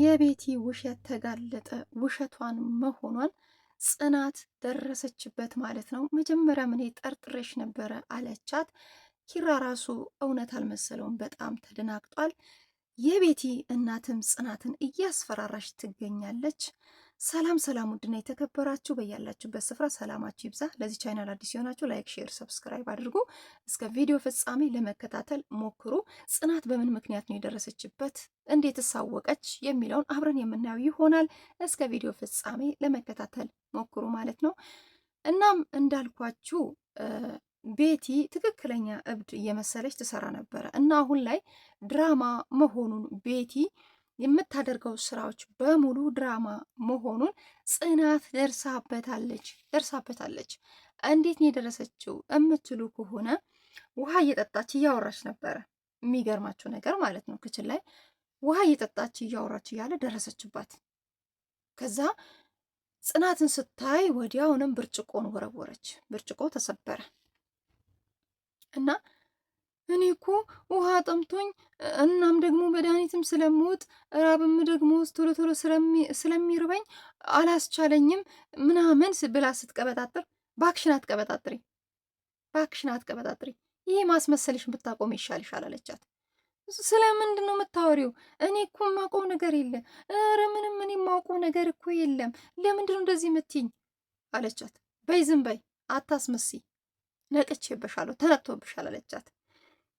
የቤቲ ውሸት ተጋለጠ። ውሸቷን መሆኗን ጽናት ደረሰችበት ማለት ነው። መጀመሪያ ምን ጠርጥሬሽ ነበረ አለቻት። ኪራ ራሱ እውነት አልመሰለውም፣ በጣም ተደናግጧል። የቤቲ እናትም ጽናትን እያስፈራራች ትገኛለች። ሰላም ሰላም፣ ውድና የተከበራችሁ በያላችሁበት ስፍራ ሰላማችሁ ይብዛ። ለዚህ ቻይናል አዲስ ሲሆናችሁ ላይክ፣ ሼር፣ ሰብስክራይብ አድርጉ። እስከ ቪዲዮ ፍጻሜ ለመከታተል ሞክሩ። ጽናት በምን ምክንያት ነው የደረሰችበት፣ እንዴት ሳወቀች የሚለውን አብረን የምናየው ይሆናል። እስከ ቪዲዮ ፍጻሜ ለመከታተል ሞክሩ ማለት ነው። እናም እንዳልኳችሁ ቤቲ ትክክለኛ እብድ እየመሰለች ትሰራ ነበረ እና አሁን ላይ ድራማ መሆኑን ቤቲ የምታደርገው ስራዎች በሙሉ ድራማ መሆኑን ጽናት ደርሳበታለች ደርሳበታለች። እንዴት ነው የደረሰችው የምትሉ ከሆነ ውሃ እየጠጣች እያወራች ነበረ። የሚገርማቸው ነገር ማለት ነው ክችል ላይ ውሃ እየጠጣች እያወራች እያለ ደረሰችባት። ከዛ ጽናትን ስታይ ወዲያውንም ብርጭቆን ወረወረች። ብርጭቆ ተሰበረ እና እኔ እኮ ውሃ ጠምቶኝ እናም ደግሞ መድኃኒትም ስለምወጥ ራብም ደግሞ ቶሎ ቶሎ ስለሚርበኝ አላስቻለኝም ምናምን ብላ ስትቀበጣጥር፣ ባክሽን አትቀበጣጥሪ፣ ባክሽን አትቀበጣጥሪ፣ ይሄ ማስመሰልሽን ብታቆም ይሻልሻል አለቻት። ስለምንድን ነው የምታወሪው? እኔ እኮ የማውቀው ነገር የለም። ኧረ ምንም እኔ የማውቀው ነገር እኮ የለም። ለምንድን ነው እንደዚህ የምትይኝ? አለቻት። በይ ዝም በይ፣ አታስመስይ፣ ነቅቼብሻለሁ፣ ተነቅቶብሻል አለቻት።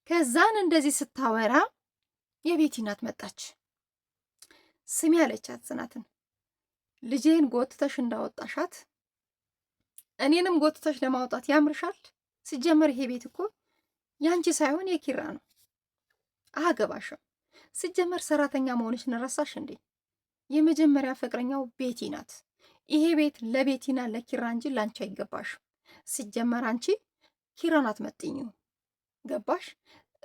ከዛን እንደዚህ ስታወራ የቤቲ እናት መጣች። ስሚ አለቻት ጽናትን፣ ልጄን ጎትተሽ እንዳወጣሻት እኔንም ጎትተሽ ለማውጣት ያምርሻል? ሲጀመር ይሄ ቤት እኮ ያንቺ ሳይሆን የኪራ ነው። አገባሽም። ሲጀመር ሰራተኛ መሆንሽ ንረሳሽ እንዴ? የመጀመሪያ ፍቅረኛው ቤቲ ናት። ይሄ ቤት ለቤቲና ለኪራ እንጂ ላንቺ አይገባሽም። ሲጀመር አንቺ ኪራን አትመጥኝም። ገባሽ?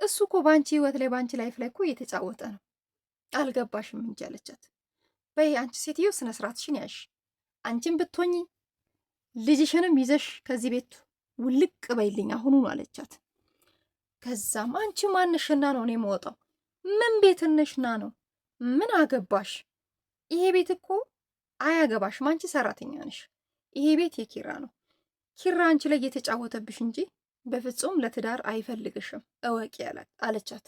እሱ እኮ በአንቺ ህይወት ላይ በአንቺ ላይፍ ላይ እኮ እየተጫወተ ነው። አልገባሽም እንጂ አለቻት። በይ አንቺ ሴትዮ ስነ ስርዓትሽን ያሽ። አንቺም ብትሆኚ ልጅሽንም ይዘሽ ከዚህ ቤት ውልቅ በይልኝ አሁኑ አለቻት። ከዛም አንቺ ማንሽና ነው እኔ መወጣው? ምን ቤትነሽና ነው? ምን አገባሽ? ይሄ ቤት እኮ አያገባሽም። አንቺ ሰራተኛ ነሽ። ይሄ ቤት የኪራ ነው። ኪራ አንቺ ላይ እየተጫወተብሽ እንጂ በፍጹም ለትዳር አይፈልግሽም እወቂ አለቻት።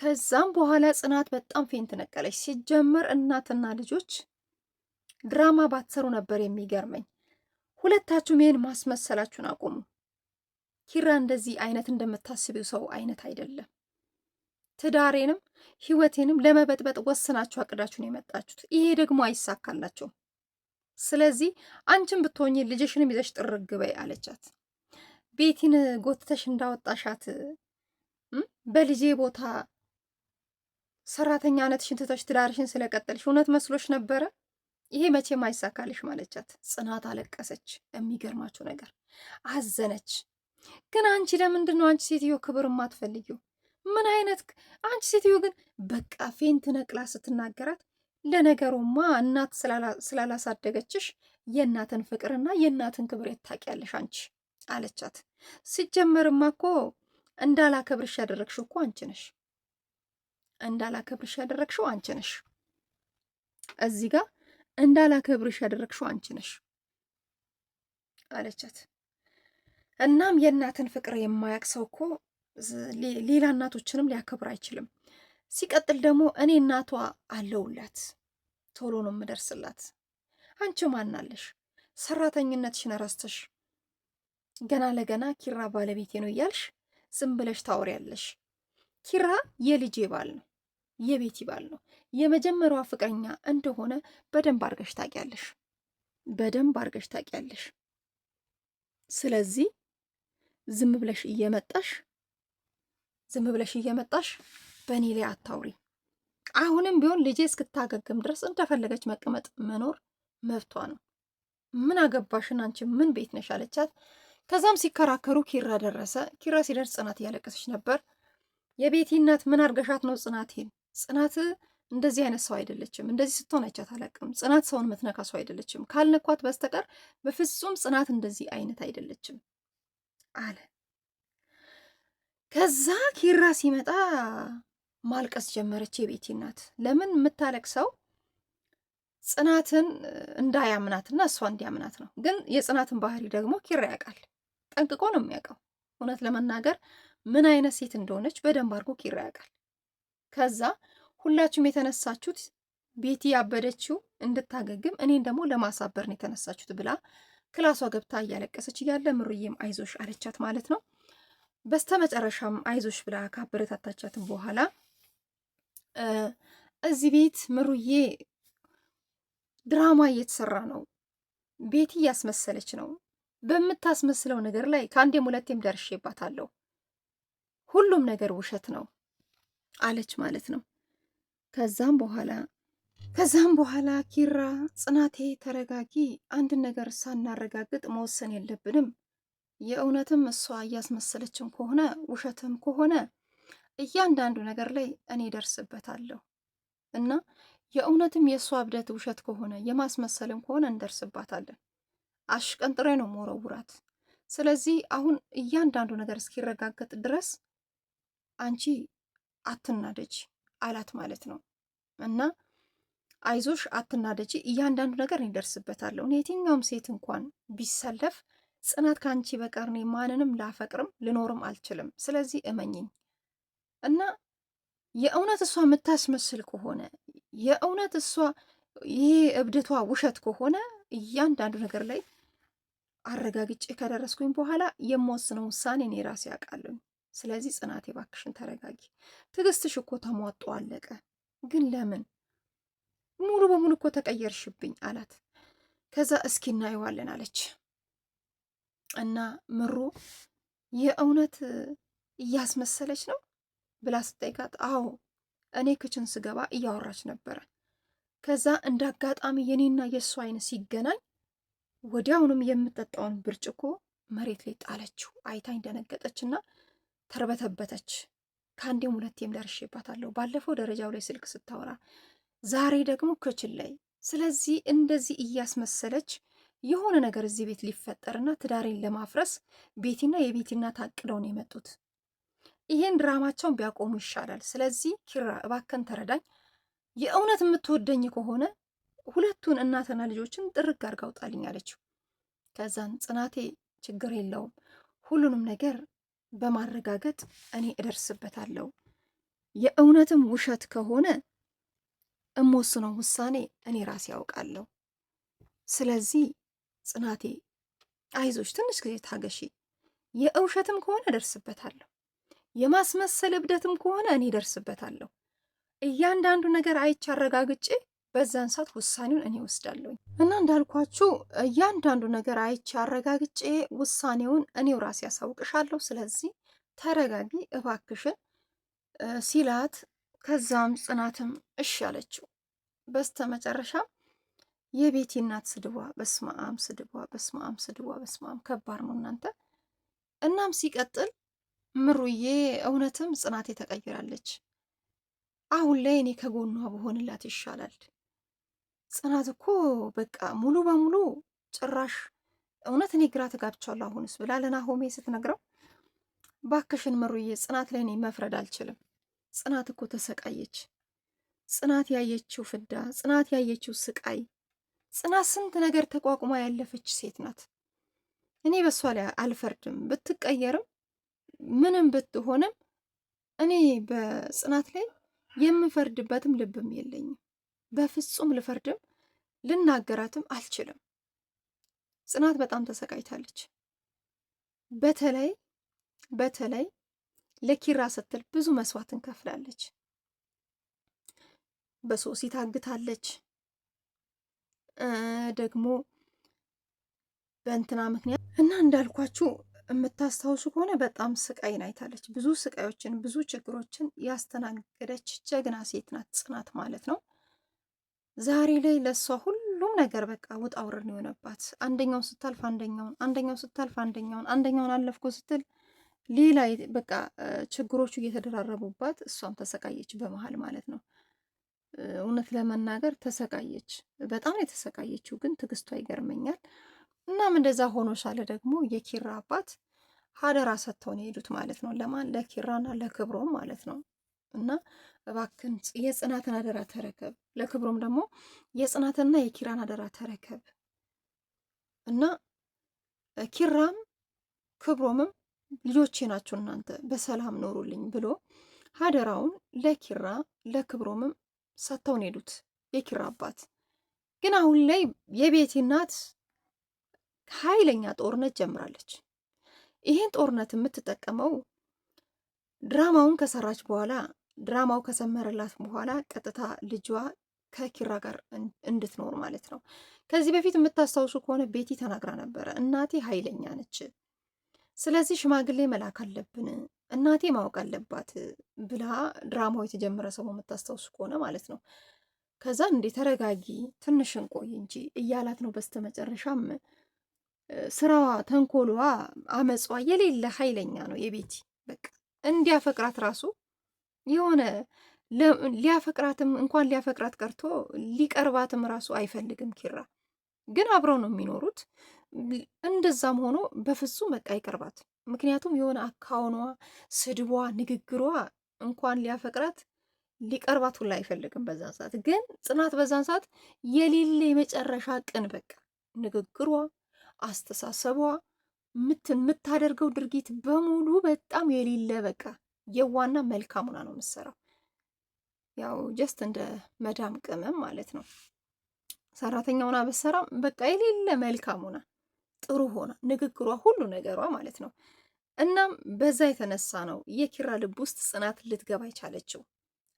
ከዛም በኋላ ጽናት በጣም ፌንት ነቀለች። ሲጀመር እናትና ልጆች ድራማ ባትሰሩ ነበር የሚገርመኝ። ሁለታችሁም ይህን ማስመሰላችሁን አቁሙ። ኪራ እንደዚህ አይነት እንደምታስቢው ሰው አይነት አይደለም። ትዳሬንም ህይወቴንም ለመበጥበጥ ወስናችሁ አቅዳችሁን የመጣችሁት፣ ይሄ ደግሞ አይሳካላቸውም። ስለዚህ አንችን ብትሆኝ ልጅሽንም ይዘሽ ጥርግ በይ አለቻት። ቤቲን ጎትተሽ እንዳወጣሻት በልጄ ቦታ ሰራተኛነትሽን ትተሽ ትዳርሽን ስለቀጠልሽ እውነት መስሎሽ ነበረ? ይሄ መቼም አይሳካልሽም ማለቻት ጽናት አለቀሰች። የሚገርማችሁ ነገር አዘነች። ግን አንቺ ለምንድን ነው አንቺ ሴትዮ ክብር የማትፈልጊው? ምን አይነት አንቺ ሴትዮ ግን በቃ ፌንት ነቅላ ስትናገራት ለነገሩማ እናት ስላላሳደገችሽ የእናትን ፍቅርና የእናትን ክብር ታውቂያለሽ አንቺ አለቻት። ሲጀመርማ እኮ እንዳላከብርሽ ያደረግሽው እኮ አንቺ ነሽ። እንዳላከብርሽ ያደረግሽው አንቺ ነሽ። እዚህ ጋር እንዳላከብርሽ ያደረግሽው አንቺ ነሽ አለቻት። እናም የእናትን ፍቅር የማያቅ ሰው እኮ ሌላ እናቶችንም ሊያከብር አይችልም። ሲቀጥል ደግሞ እኔ እናቷ አለውላት፣ ቶሎ ነው የምደርስላት። አንቺ ማናለሽ? ሰራተኝነትሽን ረስተሽ ገና ለገና ኪራ ባለቤቴ ነው እያልሽ ዝም ብለሽ ታወሪያለሽ። ኪራ የልጄ ባል ነው፣ የቤቲ ባል ነው፣ የመጀመሪያዋ ፍቅረኛ እንደሆነ በደንብ አድርገሽ ታውቂያለሽ፣ በደንብ አድርገሽ ታውቂያለሽ። ስለዚህ ዝም ብለሽ እየመጣሽ ዝም ብለሽ እየመጣሽ በእኔ ላይ አታውሪ። አሁንም ቢሆን ልጄ እስክታገግም ድረስ እንደፈለገች መቀመጥ መኖር መብቷ ነው። ምን አገባሽን አንቺ ምን ቤት ነሽ አለቻት። ከዛም ሲከራከሩ ኪራ ደረሰ። ኪራ ሲደርስ ጽናት እያለቀሰች ነበር። የቤቲ እናት ምን አርገሻት ነው ጽናቴን? ጽናት እንደዚህ አይነት ሰው አይደለችም። እንደዚህ ስትሆን አይቻት አላውቅም። ጽናት ሰውን ምትነካ ሰው አይደለችም። ካልነኳት በስተቀር በፍጹም ጽናት እንደዚህ አይነት አይደለችም አለ። ከዛ ኪራ ሲመጣ ማልቀስ ጀመረች የቤቲ እናት። ለምን የምታለቅ ሰው ጽናትን እንዳያምናትና እሷ እንዲያምናት ነው። ግን የጽናትን ባህሪ ደግሞ ኪራ ያውቃል። ጠንቅቆ ነው የሚያውቀው። እውነት ለመናገር ምን አይነት ሴት እንደሆነች በደንብ አድርጎ ኪራ ያውቃል። ከዛ ሁላችሁም የተነሳችሁት ቤቲ ያበደችው እንድታገግም እኔን ደግሞ ለማሳበር ነው የተነሳችሁት ብላ ክላሷ ገብታ እያለቀሰች እያለ ምሩዬም አይዞሽ አለቻት ማለት ነው። በስተመጨረሻም አይዞሽ ብላ ካበረታታቻትም በኋላ እዚህ ቤት ምሩዬ ድራማ እየተሰራ ነው፣ ቤቲ እያስመሰለች ነው፣ በምታስመስለው ነገር ላይ ከአንዴም ሁለቴም ደርሼባታለሁ። ሁሉም ነገር ውሸት ነው አለች ማለት ነው። ከዛም በኋላ ከዛም በኋላ ኪራ ጽናቴ ተረጋጊ፣ አንድ ነገር ሳናረጋግጥ መወሰን የለብንም። የእውነትም እሷ እያስመሰለችም ከሆነ ውሸትም ከሆነ እያንዳንዱ ነገር ላይ እኔ ደርስበታለሁ እና የእውነትም የእሷ እብደት ውሸት ከሆነ የማስመሰልም ከሆነ እንደርስባታለን። አሽቀንጥሬ ነው መወረውራት። ስለዚህ አሁን እያንዳንዱ ነገር እስኪረጋገጥ ድረስ አንቺ አትናደጅ አላት ማለት ነው እና አይዞሽ አትናደጂ፣ እያንዳንዱ ነገር እንደርስበታለሁ። የትኛውም ሴት እንኳን ቢሰለፍ ጽናት ከአንቺ በቀር እኔ ማንንም ላፈቅርም ልኖርም አልችልም። ስለዚህ እመኝኝ እና የእውነት እሷ የምታስመስል ከሆነ የእውነት እሷ ይሄ እብደቷ ውሸት ከሆነ እያንዳንዱ ነገር ላይ አረጋግጬ ከደረስኩኝ በኋላ የምወስነው ውሳኔ እኔ ራሴ ያውቃለሁ። ስለዚህ ጽናቴ ባክሽን ተረጋጊ። ትዕግስትሽ እኮ ተሟጦ አለቀ። ግን ለምን ሙሉ በሙሉ እኮ ተቀየርሽብኝ አላት። ከዛ እስኪ እናየዋለን አለች እና ምሩ የእውነት እያስመሰለች ነው ብላ ስጠይቃት፣ አዎ እኔ ክችን ስገባ እያወራች ነበረ። ከዛ እንደ አጋጣሚ የኔና የእሱ አይን ሲገናኝ ወዲያውኑም የምጠጣውን ብርጭቆ መሬት ላይ ጣለችው። አይታኝ ደነገጠችና ተርበተበተች። ከአንዴም ሁለቴም ደርሼባታለሁ። ባለፈው ደረጃው ላይ ስልክ ስታወራ፣ ዛሬ ደግሞ ክችን ላይ። ስለዚህ እንደዚህ እያስመሰለች የሆነ ነገር እዚህ ቤት ሊፈጠርና ትዳሬን ለማፍረስ ቤቲና የቤቲና ታቅደው ነው የመጡት። ይሄን ድራማቸውን ቢያቆሙ ይሻላል። ስለዚህ ኪራ እባከን ተረዳኝ። የእውነት የምትወደኝ ከሆነ ሁለቱን እናትና ልጆችን ጥርግ አድርጋ አውጣልኝ አለችው። ከዛን ጽናቴ ችግር የለውም ሁሉንም ነገር በማረጋገጥ እኔ እደርስበታለሁ። የእውነትም ውሸት ከሆነ እምወስነው ውሳኔ እኔ ራሴ ያውቃለሁ። ስለዚህ ጽናቴ አይዞች፣ ትንሽ ጊዜ ታገሺ። የውሸትም ከሆነ እደርስበታለሁ፣ የማስመሰል እብደትም ከሆነ እኔ እደርስበታለሁ። እያንዳንዱ ነገር አይቼ አረጋግጬ በዛን ሰዓት ውሳኔውን እኔ ወስዳለሁኝ እና እንዳልኳችሁ እያንዳንዱ ነገር አይቼ አረጋግጬ ውሳኔውን እኔው ራሴ ያሳውቅሻለሁ። ስለዚህ ተረጋጊ እባክሽን ሲላት፣ ከዛም ጽናትም እሺ አለችው። በስተ መጨረሻ የቤቲ እናት ስድቧ፣ በስማም ስድቧ፣ በስማም ስድቧ፣ በስማም ከባድ ነው እናንተ። እናም ሲቀጥል ምሩዬ እውነትም ጽናቴ ተቀይራለች። አሁን ላይ እኔ ከጎኗ በሆንላት ይሻላል ጽናት እኮ በቃ ሙሉ በሙሉ ጭራሽ እውነት እኔ ግራ ተጋብቻለሁ አሁንስ ብላ ለናሆሜ ስትነግረው ባክሽን ምሩዬ ጽናት ላይ እኔ መፍረድ አልችልም። ጽናት እኮ ተሰቃየች። ጽናት ያየችው ፍዳ፣ ጽናት ያየችው ስቃይ፣ ጽናት ስንት ነገር ተቋቁማ ያለፈች ሴት ናት። እኔ በእሷ ላይ አልፈርድም። ብትቀየርም ምንም ብትሆንም እኔ በጽናት ላይ የምፈርድበትም ልብም የለኝም። በፍጹም ልፈርድም ልናገራትም አልችልም። ጽናት በጣም ተሰቃይታለች። በተለይ በተለይ ለኪራ ስትል ብዙ መስዋዕትን ከፍላለች። በሶሲ ታግታለች። ደግሞ በእንትና ምክንያት እና እንዳልኳችሁ የምታስታውሱ ከሆነ በጣም ስቃይን አይታለች። ብዙ ስቃዮችን፣ ብዙ ችግሮችን ያስተናገደች ጀግና ሴት ናት ጽናት ማለት ነው። ዛሬ ላይ ለእሷ ሁሉም ነገር በቃ ውጣ ውረድ የሆነባት። አንደኛውን ስታልፍ አንደኛውን፣ አንደኛውን ስታልፍ አንደኛውን፣ አንደኛውን አለፍኩ ስትል ሌላ በቃ ችግሮቹ እየተደራረቡባት እሷም ተሰቃየች በመሀል ማለት ነው። እውነት ለመናገር ተሰቃየች፣ በጣም የተሰቃየችው። ግን ትዕግስቷ ይገርመኛል። እናም እንደዛ ሆኖ ሳለ ደግሞ የኪራ አባት ሀደራ ሰጥተውን የሄዱት ማለት ነው ለማን ለኪራና ለክብሮም ማለት ነው። እና እባክን የጽናትን አደራ ተረከብ፣ ለክብሮም ደግሞ የጽናትና የኪራን አደራ ተረከብ እና ኪራም ክብሮምም ልጆቼ ናቸው እናንተ በሰላም ኖሩልኝ ብሎ አደራውን ለኪራ ለክብሮምም ሰጥተውን ሄዱት። የኪራ አባት ግን አሁን ላይ የቤቲ እናት ኃይለኛ ጦርነት ጀምራለች። ይህን ጦርነት የምትጠቀመው ድራማውን ከሰራች በኋላ ድራማው ከሰመረላት በኋላ ቀጥታ ልጇ ከኪራ ጋር እንድትኖር ማለት ነው። ከዚህ በፊት የምታስታውሱ ከሆነ ቤቲ ተናግራ ነበረ፣ እናቴ ኃይለኛ ነች፣ ስለዚህ ሽማግሌ መላክ አለብን፣ እናቴ ማወቅ አለባት ብላ ድራማው የተጀመረ ሰው የምታስታውሱ ከሆነ ማለት ነው። ከዛ እንዴ ተረጋጊ፣ ትንሽ እንቆይ እንጂ እያላት ነው። በስተመጨረሻም ስራዋ፣ ተንኮሏ፣ አመጿ የሌለ ኃይለኛ ነው የቤቲ በቃ እንዲያፈቅራት ራሱ የሆነ ሊያፈቅራትም እንኳን ሊያፈቅራት ቀርቶ ሊቀርባትም ራሱ አይፈልግም። ኪራ ግን አብረው ነው የሚኖሩት። እንደዛም ሆኖ በፍጹም በቃ አይቀርባት። ምክንያቱም የሆነ አካውኗ፣ ስድቧ፣ ንግግሯ እንኳን ሊያፈቅራት ሊቀርባት ሁላ አይፈልግም። በዛን ሰዓት ግን ጽናት በዛን ሰዓት የሌለ የመጨረሻ ቅን በቃ ንግግሯ፣ አስተሳሰቧ የምታደርገው ድርጊት በሙሉ በጣም የሌለ በቃ የዋና መልካም ሆና ነው የምትሰራው። ያው ጀስት እንደ መዳም ቅመም ማለት ነው። ሰራተኛ ሆና ብትሰራም በቃ የሌለ መልካም ሆና ጥሩ ሆና ንግግሯ፣ ሁሉ ነገሯ ማለት ነው። እናም በዛ የተነሳ ነው የኪራ ልብ ውስጥ ጽናት ልትገባ የቻለችው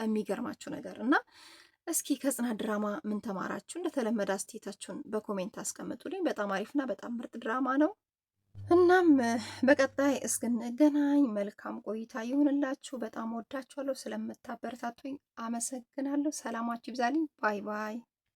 የሚገርማችሁ ነገር እና እስኪ ከጽናት ድራማ ምን ተማራችሁ? እንደተለመደ አስተያየታችሁን በኮሜንት አስቀምጡልኝ። በጣም አሪፍና በጣም ምርጥ ድራማ ነው። እናም በቀጣይ እስክንገናኝ መልካም ቆይታ ይሁንላችሁ። በጣም ወዳችኋለሁ። ስለምታበረታቱኝ አመሰግናለሁ። ሰላማችሁ ይብዛልኝ። ባይ ባይ